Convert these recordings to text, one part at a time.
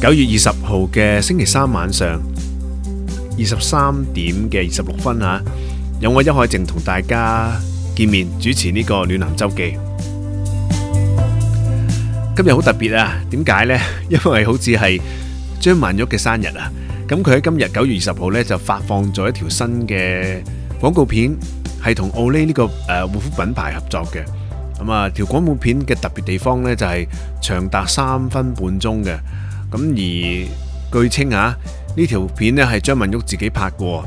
九月二十號嘅星期三晚上二十三點嘅二十六分吓，有我邱海靖同大家見面主持呢個暖男周記。今日好特別啊，點解呢？因為好似係張曼玉嘅生日啊！咁佢喺今日九月二十號呢就發放咗一條新嘅廣告片，係同 OLAY 呢個誒護膚品牌合作嘅。咁啊，條廣告片嘅特別地方呢就係長達三分半鐘嘅。咁而據稱啊，呢條片呢係張曼玉自己拍嘅，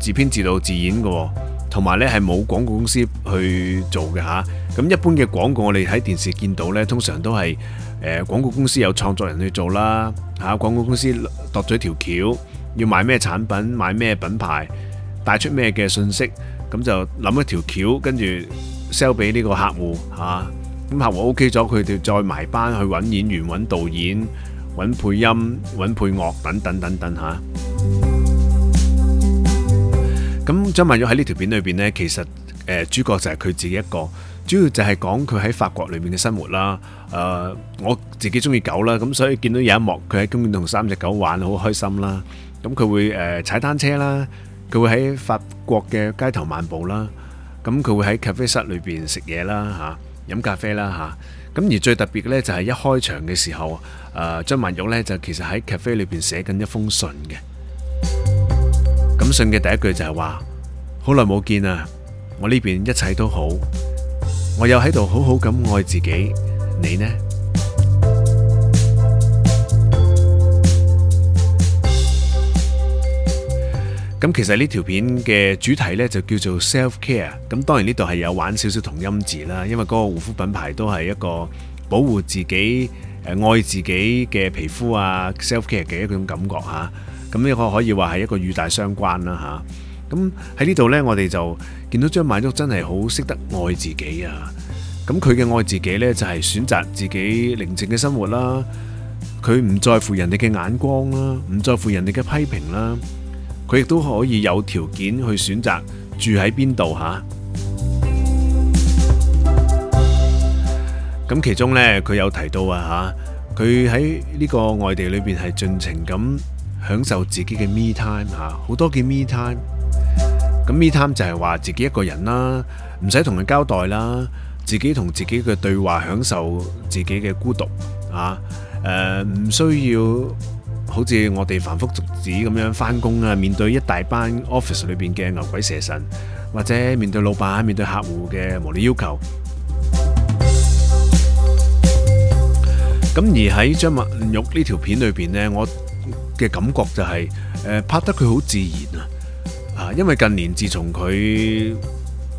自編自導自演嘅，同埋呢係冇廣告公司去做嘅咁、啊、一般嘅廣告，我哋喺電視見到呢，通常都係廣、呃、廣告公司有創作人去做啦嚇、啊。廣告公司度咗條橋，要買咩產品，買咩品牌，帶出咩嘅信息，咁、啊、就諗一條橋，跟住 sell 俾呢個客戶咁、啊、客戶 OK 咗，佢哋再埋班去揾演員、揾導演。揾配音、揾配樂等等等等嚇。咁張曼玉喺呢條片裏邊咧，其實誒主角就係佢自己一個，主要就係講佢喺法國裏邊嘅生活啦。誒我自己中意狗啦，咁所以見到有一幕佢喺公園同三隻狗玩，好開心啦。咁佢會誒踩單車啦，佢會喺法國嘅街頭漫步啦。咁佢會喺咖啡室裏邊食嘢啦嚇，飲咖啡啦嚇。咁而最特別嘅咧就係一開場嘅時候。誒張曼玉呢就其實喺 cafe 裏邊寫緊一封信嘅，咁信嘅第一句就係話：好耐冇見啊，我呢邊一切都好，我又喺度好好咁愛自己，你呢？咁其實呢條片嘅主題呢就叫做 self care，咁當然呢度係有玩少少同音字啦，因為嗰個護膚品牌都係一個保護自己。誒愛自己嘅皮膚啊，self care 嘅一種感覺嚇，咁呢個可以話係一個語帶相關啦嚇。咁喺呢度呢，我哋就見到張曼玉真係好識得愛自己啊。咁佢嘅愛自己呢，就係選擇自己寧靜嘅生活啦。佢唔在乎人哋嘅眼光啦，唔在乎人哋嘅批評啦。佢亦都可以有條件去選擇住喺邊度嚇。咁其中呢，佢有提到啊，吓佢喺呢個外地裏邊係盡情咁享受自己嘅 me time 啊，好多嘅 me time me。咁 me time 就係話自己一個人啦，唔使同人交代啦，自己同自己嘅對話，享受自己嘅孤獨啊。誒、呃，唔需要好似我哋凡夫俗子咁樣翻工啊，面對一大班 office 裏邊嘅牛鬼蛇神，或者面對老闆、面對客戶嘅無理要求。咁而喺張曼玉呢條片裏邊呢，我嘅感覺就係，誒，拍得佢好自然啊，啊，因為近年自從佢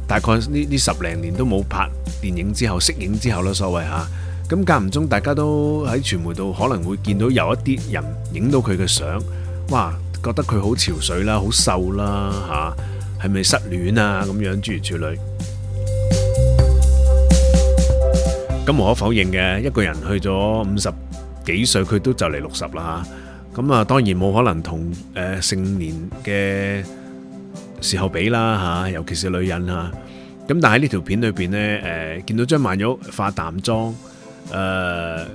大概呢呢十零年都冇拍電影之後，息影之後啦，所謂吓，咁間唔中大家都喺傳媒度可能會見到有一啲人影到佢嘅相，哇，覺得佢好憔悴啦，好瘦啦，吓，係咪失戀啊？咁樣諸如此類。咁無可否認嘅，一個人去咗五十幾歲，佢都就嚟六十啦吓。咁啊，當然冇可能同誒成年嘅時候比啦吓，尤其是女人啊。咁但係呢條片裏邊咧，誒見到張曼玉化淡妝，誒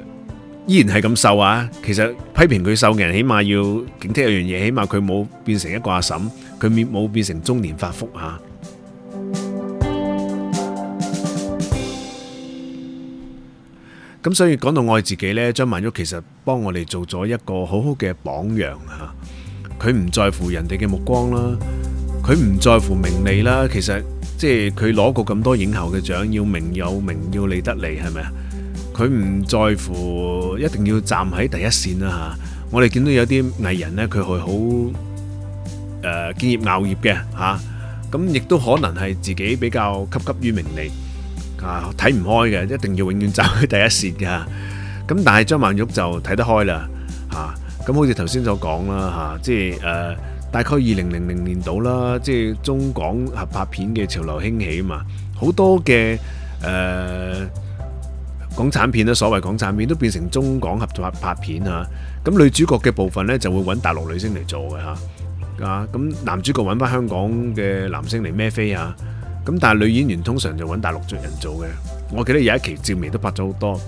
依然係咁瘦啊。其實批評佢瘦嘅人，起碼要警惕一樣嘢，起碼佢冇變成一個阿嬸，佢面冇變成中年發福吓。咁所以講到愛自己咧，張曼玉其實幫我哋做咗一個好好嘅榜樣嚇。佢唔在乎人哋嘅目光啦，佢唔在乎名利啦。其實即係佢攞過咁多影后嘅獎，要名有名，要利得利係咪啊？佢唔在乎一定要站喺第一線啦嚇。我哋見到有啲藝人咧，佢係好誒敬業熬業嘅嚇。咁亦都可能係自己比較汲汲於名利。啊，睇唔開嘅，一定要永遠走去第一線噶。咁但係張曼玉就睇得開啦，嚇。咁好似頭先所講啦，嚇，即係誒大概二零零零年度啦，即係中港合拍片嘅潮流興起啊嘛。好多嘅誒港產片啦，所謂港產片都變成中港合作合拍片嚇。咁女主角嘅部分咧就會揾大陸女星嚟做嘅嚇，啊咁男主角揾翻香港嘅男星嚟孭飛啊。咁但係女演員通常就揾大陸着人做嘅。我記得有一期趙薇都拍咗好多。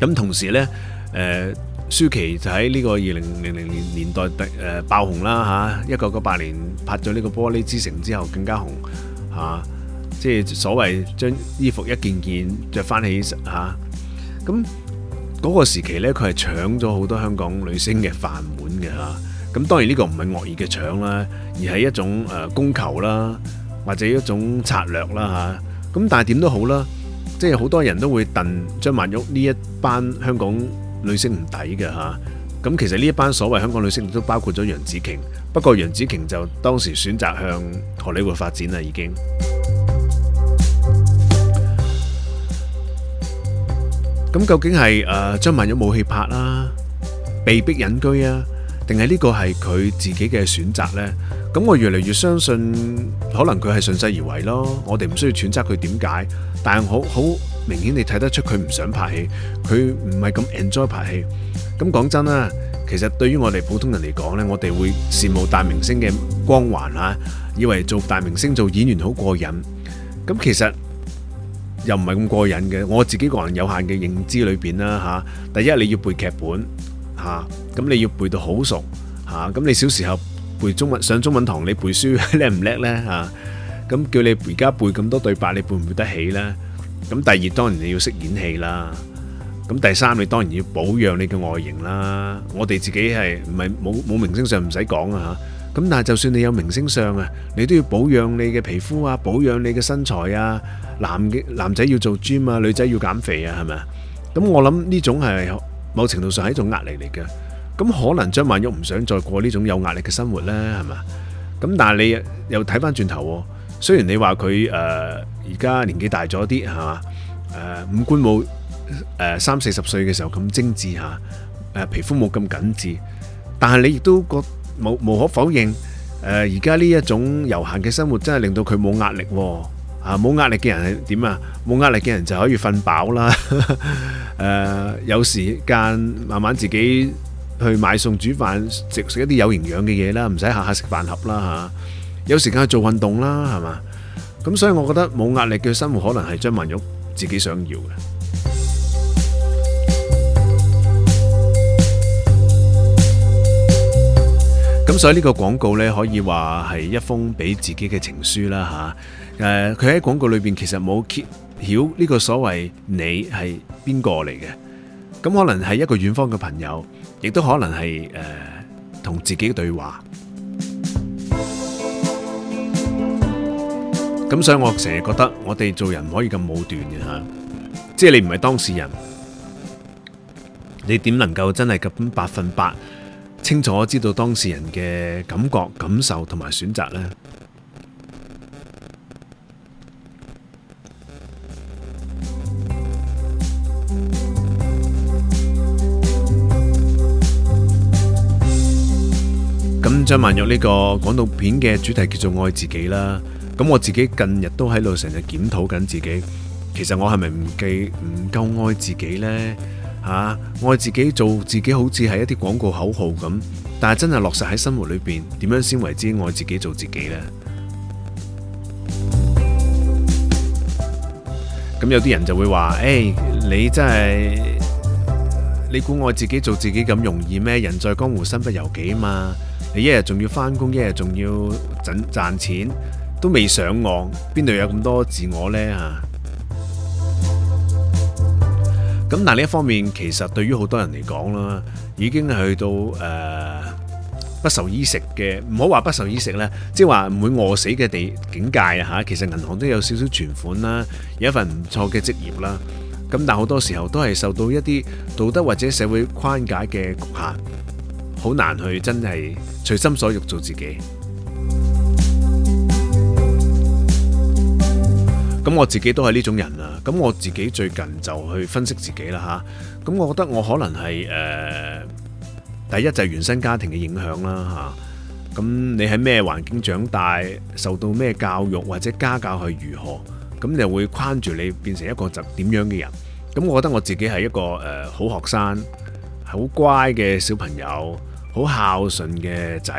咁同時呢，呃、舒淇就喺呢個二零零零年年代，呃、爆紅啦吓、啊。一九九八年拍咗呢個《玻璃之城》之後更加紅吓，即、啊、係、就是、所謂將衣服一件件着翻起吓。咁、啊、嗰個時期呢，佢係搶咗好多香港女星嘅飯碗嘅吓。咁、啊啊、當然呢個唔係惡意嘅搶啦，而係一種誒供，呃、求啦。或者一種策略啦嚇，咁但係點都好啦，即係好多人都會戥張曼玉呢一班香港女星唔抵嘅嚇。咁其實呢一班所謂香港女星都包括咗楊紫瓊，不過楊紫瓊就當時選擇向荷里活發展啦，已經。咁究竟係誒張曼玉冇戲拍啦，被逼隱居啊？定係呢個係佢自己嘅選擇呢？咁我越嚟越相信，可能佢係順勢而為咯。我哋唔需要揣測佢點解，但係好好明顯，你睇得出佢唔想拍戲，佢唔係咁 enjoy 拍戲。咁講真啦，其實對於我哋普通人嚟講呢，我哋會羨慕大明星嘅光環嚇，以為做大明星做演員好過癮。咁其實又唔係咁過癮嘅。我自己個人有限嘅認知裏邊啦嚇，第一你要背劇本。吓，咁你要背到好熟，吓，咁你小時候背中文上中文堂，你背書叻唔叻呢？吓，咁叫你而家背咁多對白，你背唔背得起呢？咁第二當然你要識演戲啦，咁第三你當然要保養你嘅外形啦。我哋自己係唔係冇冇明星相唔使講啊吓，咁但係就算你有明星相啊，你都要保養你嘅皮膚啊，保養你嘅身材啊，男嘅男仔要做 gym 啊，女仔要減肥啊，係咪啊？咁我諗呢種係。某程度上係一種壓力嚟嘅，咁可能張曼玉唔想再過呢種有壓力嘅生活啦，係嘛？咁但係你又睇翻轉頭，雖然你話佢誒而家年紀大咗啲係嘛？誒、啊、五官冇誒三四十歲嘅時候咁精緻嚇，誒、啊、皮膚冇咁緊緻，但係你亦都覺冇無，無可否認，誒而家呢一種悠閒嘅生活真係令到佢冇壓力。啊！冇壓力嘅人係點啊？冇壓力嘅人就可以瞓飽啦。誒、呃，有時間慢慢自己去買餸煮飯，食食一啲有營養嘅嘢啦，唔使下下食飯盒啦嚇、啊。有時間去做運動啦，係嘛？咁所以我覺得冇壓力嘅生活可能係張曼玉自己想要嘅。咁所以呢個廣告呢，可以話係一封俾自己嘅情書啦嚇。啊。誒，佢喺、呃、廣告裏邊其實冇揭曉呢個所謂你係邊個嚟嘅，咁可能係一個遠方嘅朋友，亦都可能係誒、呃、同自己嘅對話。咁所以我成日覺得我哋做人唔可以咁武斷嘅吓、啊，即係你唔係當事人，你點能夠真係咁百分百清楚知道當事人嘅感覺、感受同埋選擇呢？張曼玉呢個廣告片嘅主題叫做愛自己啦。咁我自己近日都喺度成日檢討緊自己，其實我係咪唔記唔夠愛自己呢？吓、啊，愛自己做自己好似係一啲廣告口號咁，但係真係落實喺生活裏邊，點樣先為之愛自己做自己呢？咁有啲人就會話，誒、欸，你真係你估愛自己做自己咁容易咩？人在江湖身不由己啊嘛！你一日仲要返工，一日仲要賺賺錢，都未上岸，邊度有咁多自我呢？咁但係呢一方面，其實對於好多人嚟講啦，已經去到誒、呃、不愁衣食嘅，唔好話不愁衣食啦，即係話唔會餓死嘅地境界吓。其實銀行都有少少存款啦，有一份唔錯嘅職業啦。咁但好多時候都係受到一啲道德或者社會框架嘅局限。好難去真係隨心所欲做自己。咁我自己都係呢種人啊。咁我自己最近就去分析自己啦吓，咁我覺得我可能係、呃、第一就係原生家庭嘅影響啦吓，咁你喺咩環境長大，受到咩教育，或者家教係如何，咁就會框住你變成一個就點樣嘅人。咁我覺得我自己係一個誒、呃、好學生，好乖嘅小朋友。好孝順嘅仔，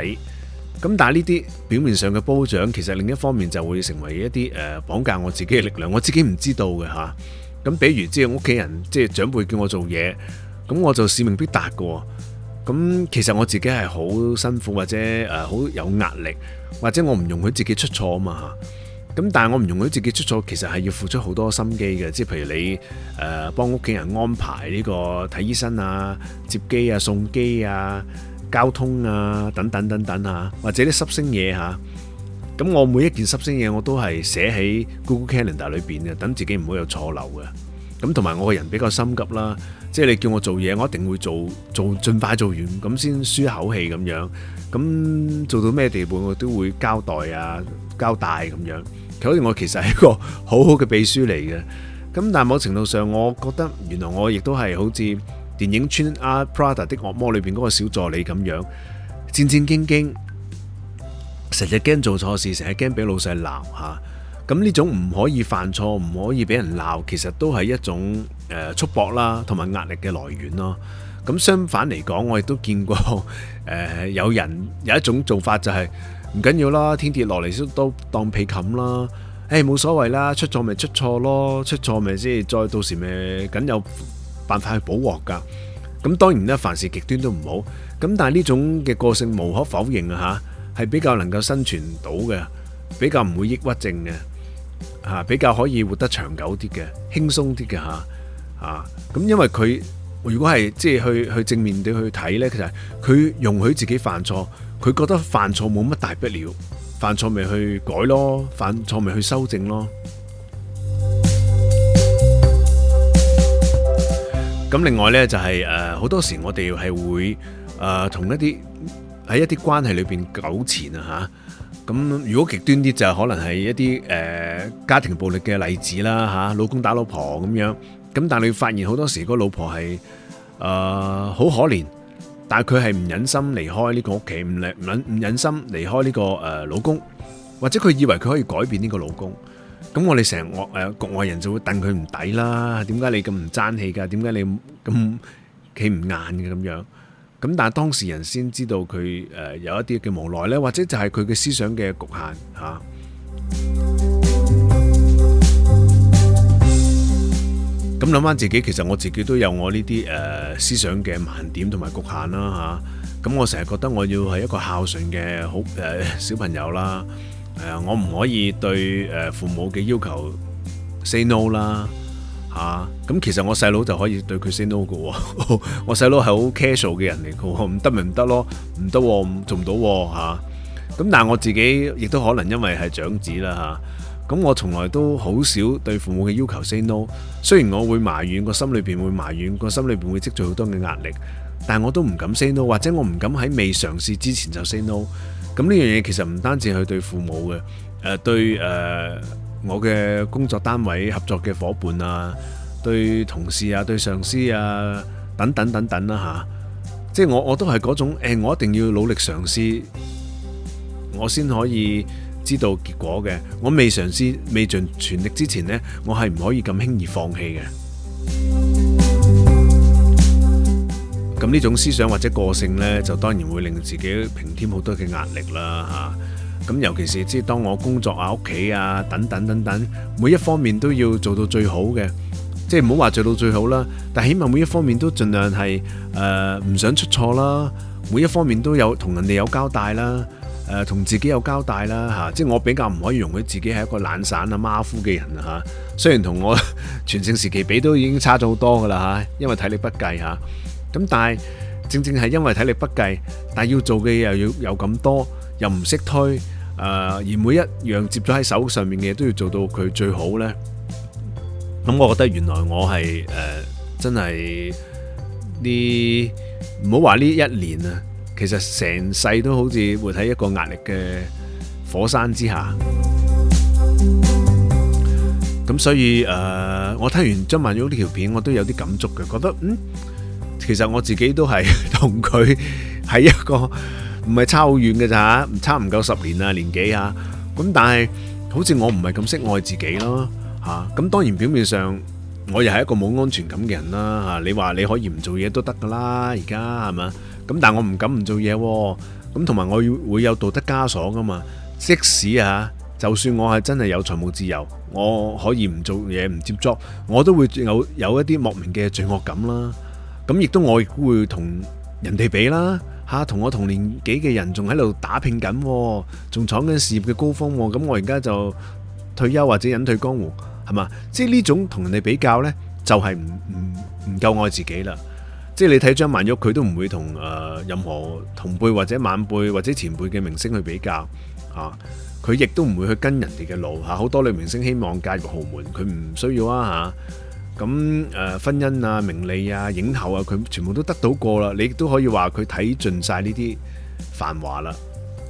咁但係呢啲表面上嘅褒獎，其實另一方面就會成為一啲誒綁架我自己嘅力量，我自己唔知道嘅吓。咁比如即係屋企人即係、就是、長輩叫我做嘢，咁我就使命必達嘅。咁其實我自己係好辛苦或者誒好有壓力，或者我唔容許自己出錯啊嘛嚇。咁但係我唔容許自己出錯，其實係要付出好多心機嘅。即係譬如你誒幫屋企人安排呢、這個睇醫生啊、接機啊、送機啊。交通啊，等等等等啊，或者啲濕星嘢吓，咁我每一件濕星嘢我都係寫喺 Google Calendar 裏邊嘅，等自己唔會有錯漏嘅。咁同埋我個人比較心急啦，即係你叫我做嘢，我一定會做做，儘快做完，咁先舒一口氣咁樣。咁做到咩地步，我都會交代啊，交代咁樣。其實我其實係一個好好嘅秘書嚟嘅。咁但係某程度上，我覺得原來我亦都係好似，電影《穿阿 Prada 的惡魔》裏邊嗰個小助理咁樣戰戰兢兢，成日驚做錯事，成日驚俾老細鬧吓。咁呢種唔可以犯錯，唔可以俾人鬧，其實都係一種誒束縛啦，同埋壓力嘅來源咯。咁相反嚟講，我亦都見過誒有人有一種做法就係唔緊要啦，天跌落嚟都都當被冚啦，誒冇所謂啦，出錯咪出錯咯，出錯咪先，再到時咪梗有辦法去補鑊噶咁當然啦，凡事極端都唔好。咁但係呢種嘅個性無可否認啊，吓係比較能夠生存到嘅，比較唔會抑鬱症嘅，啊比較可以活得長久啲嘅，輕鬆啲嘅吓啊。咁因為佢如果係即係去去正面地去睇呢，其實佢容許自己犯錯，佢覺得犯錯冇乜大不了，犯錯咪去改咯，犯錯咪去修正咯。咁另外呢，就係誒好多時我哋係會誒同、呃、一啲喺一啲關係裏邊糾纏啊，吓。咁如果極端啲就可能係一啲誒、呃、家庭暴力嘅例子啦吓、啊、老公打老婆咁樣。咁但係你發現好多時個老婆係誒好可憐，但係佢係唔忍心離開呢個屋企，唔忍唔忍心離開呢、個誒、呃、老公，或者佢以為佢可以改變呢個老公。咁我哋成日我誒局外人就會戥佢唔抵啦，點解你咁唔爭氣㗎？點解你咁企唔硬嘅咁樣？咁但係當事人先知道佢誒有一啲嘅無奈呢，或者就係佢嘅思想嘅局限嚇。咁諗返自己，其實我自己都有我呢啲誒思想嘅盲點同埋局限啦嚇。咁我成日覺得我要係一個孝順嘅好誒小朋友啦。呃、我唔可以對誒父母嘅要求 say no 啦吓，咁、啊、其實我細佬就可以對佢 say no 嘅、哦， 我細佬係好 casual 嘅人嚟嘅，唔得咪唔得咯，唔得、哦、做唔到吓、哦，咁、啊、但係我自己亦都可能因為係長子啦吓，咁、啊、我從來都好少對父母嘅要求 say no，雖然我會埋怨個心裏面會埋怨，個心裏面會積聚好多嘅壓力，但係我都唔敢 say no，或者我唔敢喺未嘗試之前就 say no。咁呢樣嘢其實唔單止係對父母嘅，誒對誒我嘅工作單位合作嘅伙伴啊，對同事啊，對上司啊，等等等等啦嚇，即係我我都係嗰種誒，我一定要努力嘗試，我先可以知道結果嘅。我未嘗試未盡全力之前呢，我係唔可以咁輕易放棄嘅。呢種思想或者個性呢，就當然會令自己平添好多嘅壓力啦嚇。咁尤其是即係當我工作啊、屋企啊等等等等，每一方面都要做到最好嘅，即係唔好話做到最好啦。但係起碼每一方面都盡量係誒唔想出錯啦。每一方面都有同人哋有交代啦，誒、呃、同自己有交代啦嚇、啊。即係我比較唔可以容許自己係一個懶散媽夫的啊、馬虎嘅人嚇。雖然同我全盛時期比都已經差咗好多㗎喇嚇，因為體力不計嚇。啊。咁但係正正係因為體力不繼，但係要做嘅嘢又要有咁多，又唔識推，誒而每一樣接咗喺手上面嘅嘢都要做到佢最好呢。咁我覺得原來我係誒真係啲唔好話呢一年啊，其實成世都好似活喺一個壓力嘅火山之下。咁所以誒，我睇完張曼玉呢條片，我都有啲感觸嘅，覺得嗯。其實我自己都係同佢係一個唔係差好遠嘅咋，唔差唔夠十年啊，年紀啊。咁但係好似我唔係咁識愛自己咯，吓，咁當然表面上我又係一個冇安全感嘅人啦，吓，你話你可以唔做嘢都得噶啦，而家係嘛？咁但係我唔敢唔做嘢，咁同埋我要會有道德枷鎖噶嘛。即使啊，就算我係真係有財務自由，我可以唔做嘢唔接觸，我都會有有一啲莫名嘅罪惡感啦。咁亦都我亦會同人哋比啦，嚇，同我同年紀嘅人仲喺度打拼緊，仲闖緊事業嘅高峰，咁我而家就退休或者隱退江湖，係嘛？即係呢種同人哋比較呢，就係唔唔唔夠愛自己啦。即係你睇張曼玉，佢都唔會同誒、呃、任何同輩或者晚輩或者前輩嘅明星去比較，吓、啊，佢亦都唔會去跟人哋嘅路吓。啊，好多女明星希望嫁入豪門，佢唔需要啊吓。咁誒，婚姻啊、名利啊、影后啊，佢全部都得到過啦。你都可以話佢睇盡晒呢啲繁華啦。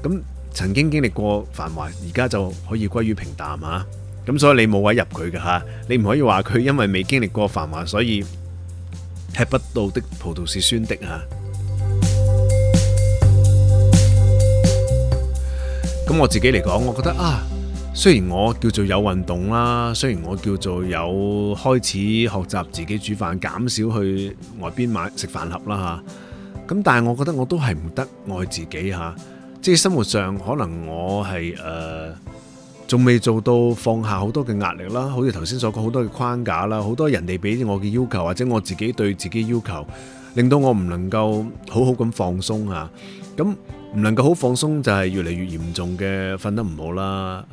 咁曾經經歷過繁華，而家就可以歸於平淡啊。咁所以你冇位入佢㗎吓，你唔可以話佢因為未經歷過繁華，所以吃不到的葡萄是酸的啊。咁我自己嚟講，我覺得啊。雖然我叫做有運動啦，雖然我叫做有開始學習自己煮飯，減少去外邊買食飯盒啦吓，咁但係我覺得我都係唔得愛自己吓，即係生活上可能我係誒仲未做到放下好多嘅壓力啦，好似頭先所講好多嘅框架啦，好多人哋俾我嘅要求或者我自己對自己要求，令到我唔能夠好好咁放鬆吓，咁。唔能夠、就係、好放鬆就係越嚟越嚴重嘅，瞓得唔好啦，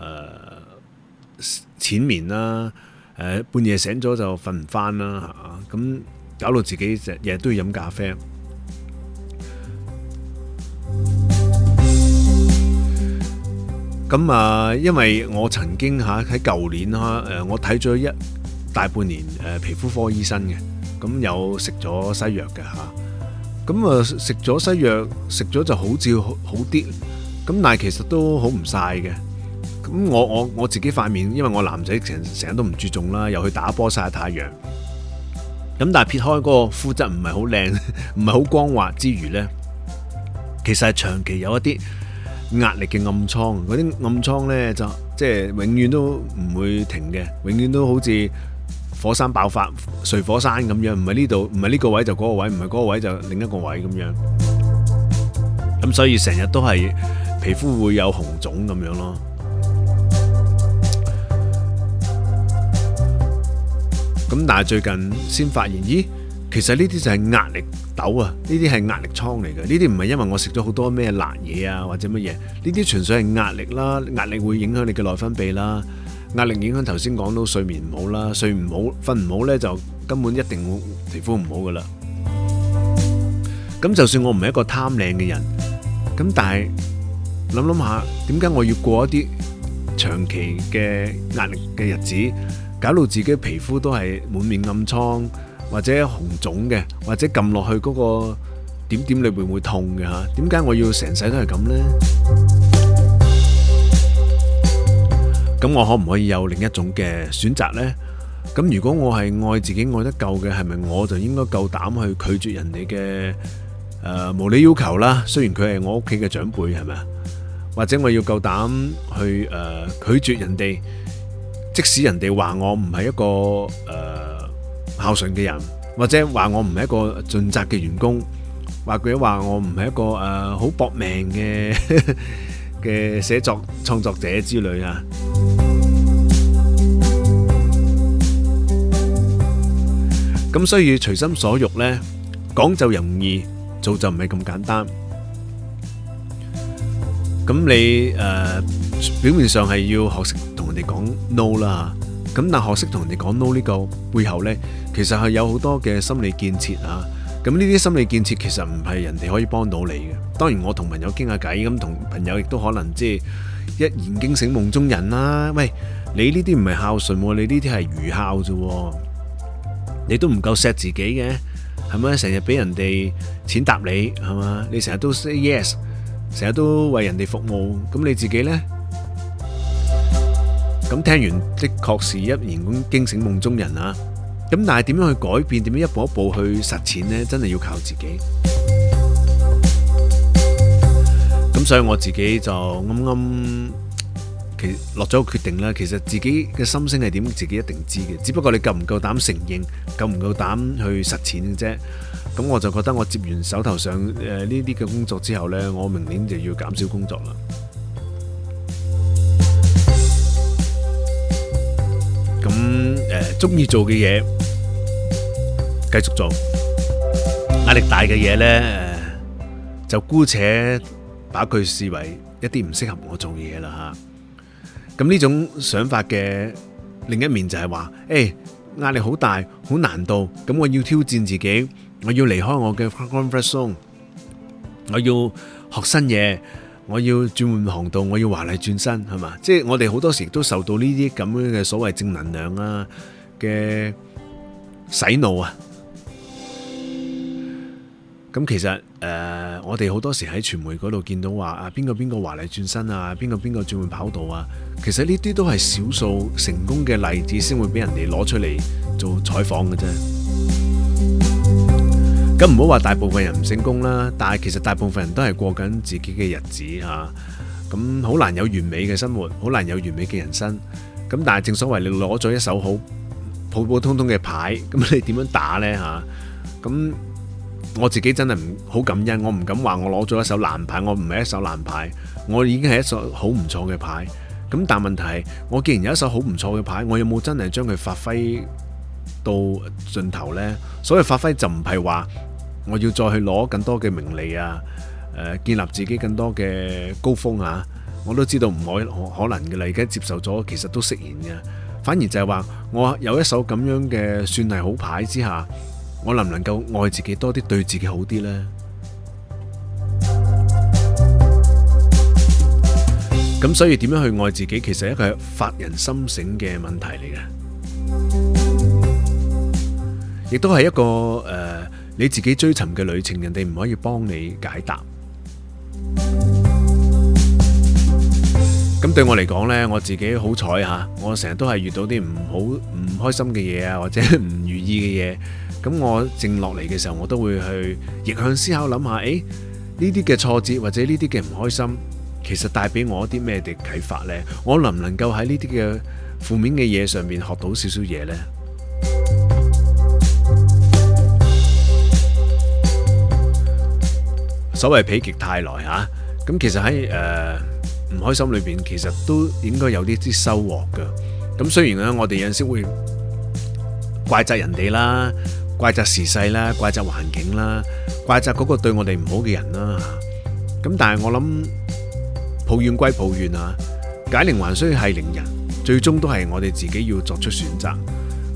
誒，淺眠啦，誒，半夜醒咗就瞓唔翻啦，吓、啊，咁搞到自己日日都要飲咖啡。咁 啊，因為我曾經吓喺舊年吓，誒、啊，我睇咗一大半年誒、啊、皮膚科醫生嘅，咁、啊、有食咗西藥嘅吓。啊咁啊，食咗西藥，食咗就好似好啲，咁但係其實都好唔晒嘅。咁我我我自己塊面，因為我男仔成成日都唔注重啦，又去打波曬太陽。咁但係撇開嗰個膚質唔係好靚，唔係好光滑之餘呢，其實係長期有一啲壓力嘅暗瘡，嗰啲暗瘡呢，就即係永遠都唔會停嘅，永遠都好似。火山爆發，睡火山咁樣，唔係呢度，唔係呢個位就嗰個位，唔係嗰個位就另一個位咁樣。咁所以成日都係皮膚會有紅腫咁樣咯。咁但係最近先發現，咦，其實呢啲就係壓力痘啊，呢啲係壓力瘡嚟嘅，呢啲唔係因為我食咗好多咩辣嘢啊或者乜嘢，呢啲純粹係壓力啦，壓力會影響你嘅內分泌啦。壓力影響，頭先講到睡眠唔好啦，睡唔好，瞓唔好咧，就根本一定會皮膚唔好噶啦。咁就算我唔係一個貪靚嘅人，咁但係諗諗下，點解我要過一啲長期嘅壓力嘅日子，搞到自己皮膚都係滿面暗瘡，或者紅腫嘅，或者撳落去嗰個點點你會唔會痛㗎？點解我要成世都係咁咧？咁我可唔可以有另一種嘅選擇呢？咁如果我係愛自己愛得夠嘅，係咪我就應該夠膽去拒絕人哋嘅誒無理要求啦？雖然佢係我屋企嘅長輩，係咪啊？或者我要夠膽去誒拒絕人哋，即使人哋話我唔係一個誒孝順嘅人，或者話我唔係一個盡責嘅員工，或者話我唔係一個誒好搏命嘅。嘅寫作創作者之類啊，咁所以隨心所欲呢，講就容易，做就唔係咁簡單。咁你誒表面上係要學識同人哋講 no 啦，咁但學識同人哋講 no 呢個背後呢，其實係有好多嘅心理建設啊。咁呢啲心理建設其實唔係人哋可以幫到你嘅。當然我同朋友傾下偈，咁同朋友亦都可能即係一言驚醒夢中人啦。喂，你呢啲唔係孝順喎，你呢啲係愚孝啫。你都唔夠錫自己嘅，係咪？成日俾人哋踐踏你係嘛？你成日都 say yes，成日都為人哋服務，咁你自己呢？咁聽完，的確是一言咁驚醒夢中人啊！咁但係點樣去改變？點樣一步一步去實踐呢？真係要靠自己。咁 所以我自己就啱啱其落咗決定啦。其實自己嘅心聲係點，自己一定知嘅。只不過你夠唔夠膽承認，夠唔夠膽去實踐嘅啫。咁我就覺得我接完手頭上誒呢啲嘅工作之後呢，我明年就要減少工作啦。咁誒，中、呃、意做嘅嘢。繼續做，壓力大嘅嘢呢，就姑且把佢視為一啲唔適合我做嘢啦吓。咁呢種想法嘅另一面就係話，誒，壓力好大，好難度，咁我要挑戰自己，我要離開我嘅 comfort zone，我要學新嘢，我要轉換航道，我要華麗轉身，係嘛？即係我哋好多時都受到呢啲咁樣嘅所謂正能量啊嘅洗腦啊。咁其實誒、呃，我哋好多時喺傳媒嗰度見到話啊，邊個邊個華麗轉身啊，邊個邊個轉換跑道啊，其實呢啲都係少數成功嘅例子，先會俾人哋攞出嚟做採訪嘅啫。咁唔好話大部分人唔成功啦，但係其實大部分人都係過緊自己嘅日子吓，咁、啊、好難有完美嘅生活，好難有完美嘅人生。咁、啊、但係正所謂你攞咗一手好普普通通嘅牌，咁你點樣打呢？吓、啊？咁我自己真係唔好感恩，我唔敢話我攞咗一手爛牌，我唔係一手爛牌，我已經係一手好唔錯嘅牌。咁但問題係，我既然有一手好唔錯嘅牌，我有冇真係將佢發揮到盡頭呢？所謂發揮就唔係話我要再去攞更多嘅名利啊，誒建立自己更多嘅高峰啊。我都知道唔可可能嘅啦，而家接受咗其實都適應嘅，反而就係話我有一手咁樣嘅算係好牌之下。我能唔能夠愛自己多啲，對自己好啲呢？咁所以點樣去愛自己，其實一個發人心醒嘅問題嚟嘅，亦都係一個誒你自己追尋嘅旅程，人哋唔可以幫你解答。咁對我嚟講呢，我自己好彩吓，我成日都係遇到啲唔好唔開心嘅嘢啊，或者唔如意嘅嘢。咁我靜落嚟嘅時候，我都會去逆向思考，諗下，誒呢啲嘅挫折或者呢啲嘅唔開心，其實帶俾我一啲咩嘅啟發呢？我能唔能夠喺呢啲嘅負面嘅嘢上面學到少少嘢呢？ 所謂否極泰來吓，咁、啊、其實喺誒唔開心裏邊，其實都應該有啲啲收穫噶。咁雖然咧，我哋有陣時會怪責人哋啦。怪責時勢啦，怪責環境啦，怪責嗰個對我哋唔好嘅人啦吓。咁但係我諗抱怨歸抱怨啊，解鈴還需繫鈴人，最終都係我哋自己要作出選擇。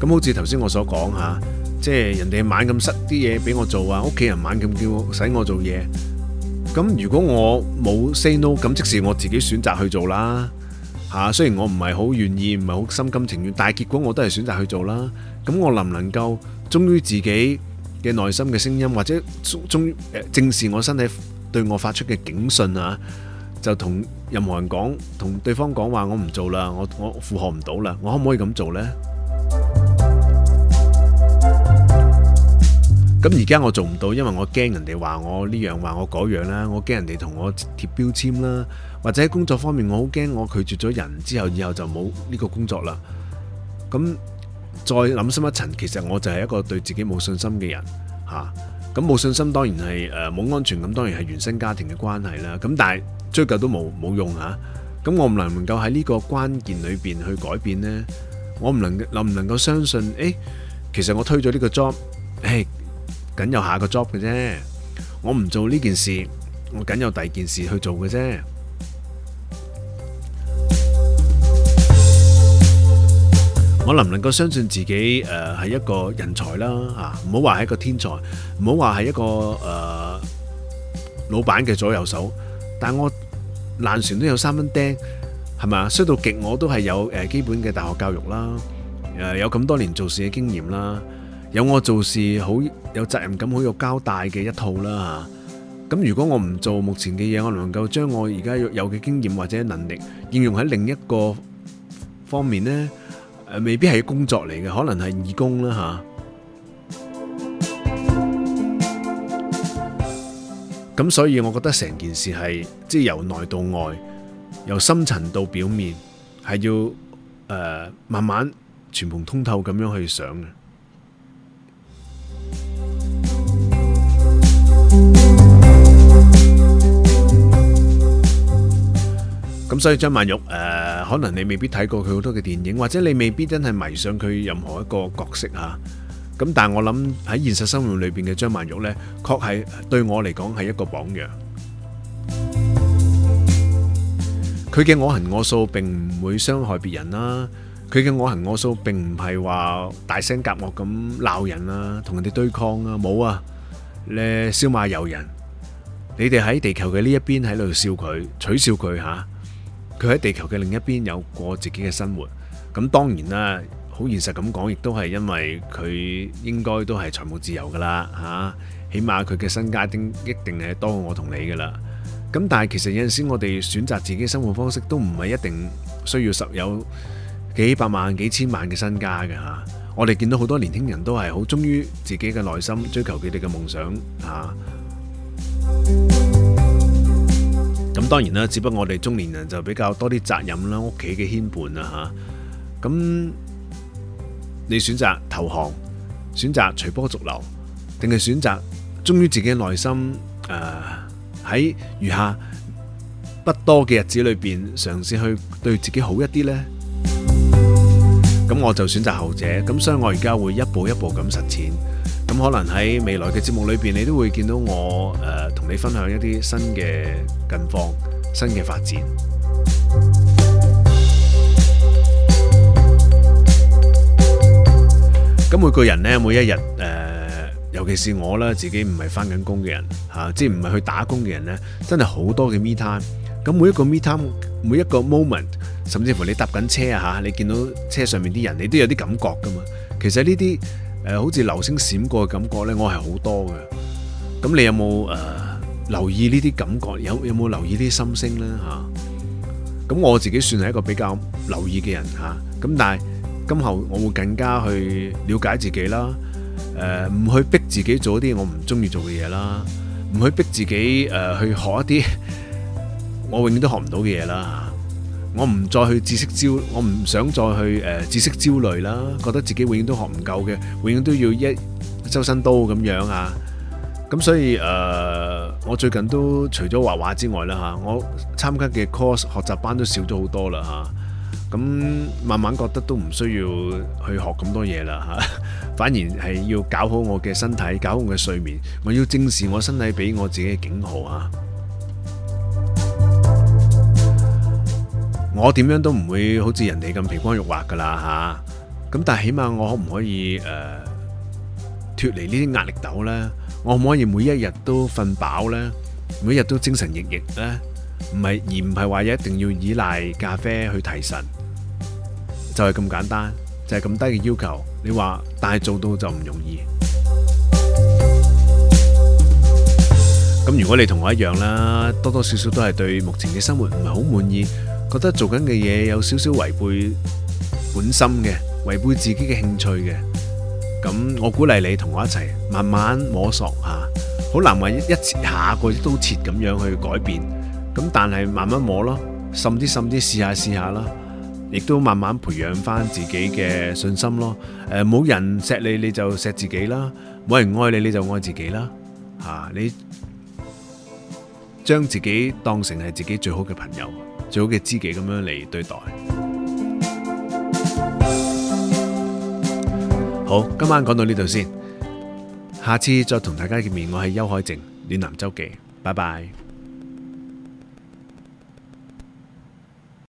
咁好似頭先我所講吓，即係人哋猛咁塞啲嘢俾我做啊，屋企人猛咁叫使我做嘢。咁如果我冇 say no，咁即使我自己選擇去做啦吓。雖然我唔係好願意，唔係好心甘情願，但係結果我都係選擇去做啦。咁我能唔能夠？終於自己嘅內心嘅聲音，或者終於誒正視我身體對我發出嘅警訊啊，就同任何人講，同對方講話，我唔做啦，我我符合唔到啦，我可唔可以咁做呢？咁而家我做唔到，因為我驚人哋話我呢樣話我嗰樣啦，我驚人哋同我貼標籤啦，或者喺工作方面我好驚我拒絕咗人之後，以後就冇呢個工作啦。咁再諗深一層，其實我就係一個對自己冇信心嘅人嚇。咁冇信心當然係誒冇安全感，當然係原生家庭嘅關係啦。咁但係追究都冇冇用嚇。咁我唔能唔能夠喺呢個關鍵裏邊去改變呢，我唔能能唔能夠相信誒，其實我推咗呢個 job，誒梗有下個 job 嘅啫。我唔做呢件事，我梗有第二件事去做嘅啫。我能唔能夠相信自己？誒，係一個人才啦，吓，唔好話係一個天才，唔好話係一個誒老闆嘅左右手。但係我爛船都有三分釘，係咪啊？衰到極我都係有誒基本嘅大學教育啦，誒有咁多年做事嘅經驗啦，有我做事好有責任感、好有交代嘅一套啦，吓。咁如果我唔做目前嘅嘢，我能夠將我而家有嘅經驗或者能力應用喺另一個方面呢？未必係工作嚟嘅，可能係義工啦吓，咁所以，我覺得成件事係即係由內到外，由深層到表面，係要、呃、慢慢全盤通透咁樣去想嘅。咁所以張曼玉誒，可能你未必睇過佢好多嘅電影，或者你未必真係迷上佢任何一個角色啊。咁但係我諗喺現實生活裏邊嘅張曼玉呢，確係對我嚟講係一個榜樣。佢嘅我行我素並唔會傷害別人啦，佢嘅我行我素並唔係話大聲夾惡咁鬧人啊，同人哋對抗啊，冇啊，咧笑罵由人。你哋喺地球嘅呢一邊喺度笑佢，取笑佢吓。佢喺地球嘅另一邊有過自己嘅生活，咁當然啦，好現實咁講，亦都係因為佢應該都係財務自由噶啦，嚇，起碼佢嘅身家一定係多過我同你噶啦。咁但係其實有陣時我哋選擇自己的生活方式都唔係一定需要十有幾百萬幾千萬嘅身家嘅嚇，我哋見到好多年輕人都係好忠於自己嘅內心，追求佢哋嘅夢想啊。當然啦，只不過我哋中年人就比較多啲責任啦，屋企嘅牽絆。啊吓，咁你選擇投降，選擇隨波逐流，定係選擇忠於自己嘅內心？誒喺餘下不多嘅日子裏邊，嘗試去對自己好一啲呢？咁我就選擇後者。咁所以我而家會一步一步咁實踐。咁可能喺未來嘅節目裏邊，你都會見到我誒同你分享一啲新嘅近況、新嘅發展。咁每個人呢，每一日誒，尤其是我啦，自己唔係返緊工嘅人吓，即係唔係去打工嘅人呢，真係好多嘅 me time。咁每一個 me time，每一個 moment，甚至乎你搭緊車啊吓，你見到車上面啲人，你都有啲感覺㗎嘛。其實呢啲。誒，好似流星閃過嘅感覺呢，我係好多嘅。咁你有冇誒留意呢啲感覺？有有冇留意啲心聲呢？吓，咁我自己算係一個比較留意嘅人吓。咁但係今後我會更加去了解自己啦。誒，唔去逼自己做一啲我唔中意做嘅嘢啦。唔去逼自己誒去學一啲我永遠都學唔到嘅嘢啦。我唔再去知識焦，我唔想再去誒、呃、知識焦慮啦，覺得自己永遠都學唔夠嘅，永遠都要一周身刀咁樣啊。咁所以誒、呃，我最近都除咗畫畫之外啦嚇、啊，我參加嘅 course 學習班都少咗好多啦嚇。咁、啊、慢慢覺得都唔需要去學咁多嘢啦嚇，反而係要搞好我嘅身體，搞好我嘅睡眠，我要正視我身體俾我自己嘅警號啊。我點樣都唔會好似人哋咁皮光肉滑噶啦吓，咁但係起碼我可唔可以誒、脫離呢啲壓力豆呢？我可唔可以每一日都瞓飽呢？每一日都精神奕奕呢？唔係而唔係話一定要依賴咖啡去提神，就係咁簡單，就係咁低嘅要求。你話但係做到就唔容易。咁如果你同我一樣啦，多多少少都係對目前嘅生活唔係好滿意，覺得做緊嘅嘢有少少違背本心嘅，違背自己嘅興趣嘅，咁我鼓勵你同我一齊慢慢摸索下，好難話一下個一刀切咁樣去改變，咁但係慢慢摸咯，甚啲甚啲試下試下啦，亦都慢慢培養翻自己嘅信心咯。誒、呃，冇人錫你你就錫自己啦，冇人愛你你就愛自己啦，吓，你，你、啊、你將自己當成係自己最好嘅朋友。最好嘅知己咁樣嚟對待。好，今晚講到呢度先，下次再同大家見面。我係邱海靖，暖男周記，拜拜。